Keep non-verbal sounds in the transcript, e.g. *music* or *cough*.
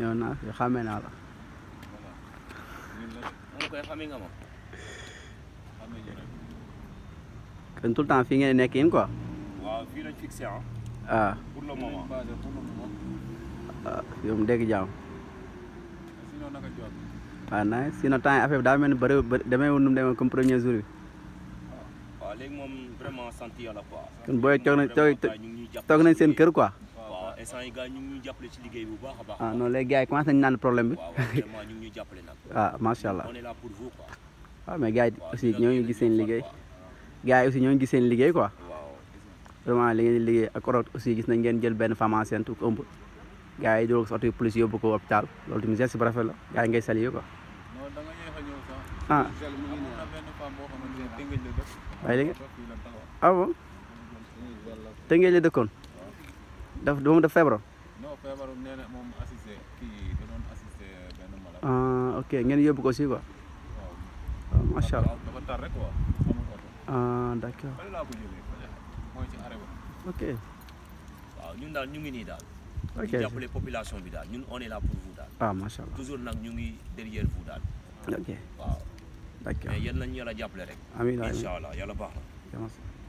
ñëw naa fi xàmme naa la kon tout le temps fii ngeen nekk in quoi waaw fii lañ fixé ah pour le moment yow mu dégg ni bëri demee woon nu demee comme premier jour kon booy toog nañ seen kër quoi instant yi gars ñu ngi ñuy jàppale liggéey bi bu baax a baax. Ah, naan problème bi. waaw vraiment ñu ngi ñuy jàppale *laughs* ah, macha allah on est là pour ah, aussi ñoo ngi gis seen liggéey. gars yi aussi ñoo ngi gis seen liggéey quoi. vraiment li liggéey ak Croix aussi gis nañ geen jël benn femme enceinte ku ëmb. gars yi dugal ko si oto yi police ko hôpital loolu tamit geste bu rafet la gars yi ngay salué quoi. ah. waaye léegi dëkkoon. daf moom daf feebaroon. moom assisté benn malade. ah ok ngeen yóbbu ko si quoi. waaw ah, macha allah dafa ah, ok. ñun daal ñu ngi nii daal. ok ñu jàppale population bi daal ñun on la là pour daal. ah macha allah toujours nag ñu ngi derrière daal. ok waaw. d' accord mais yéen nañu yàlla jàppale rek. amiin incha allah baax na.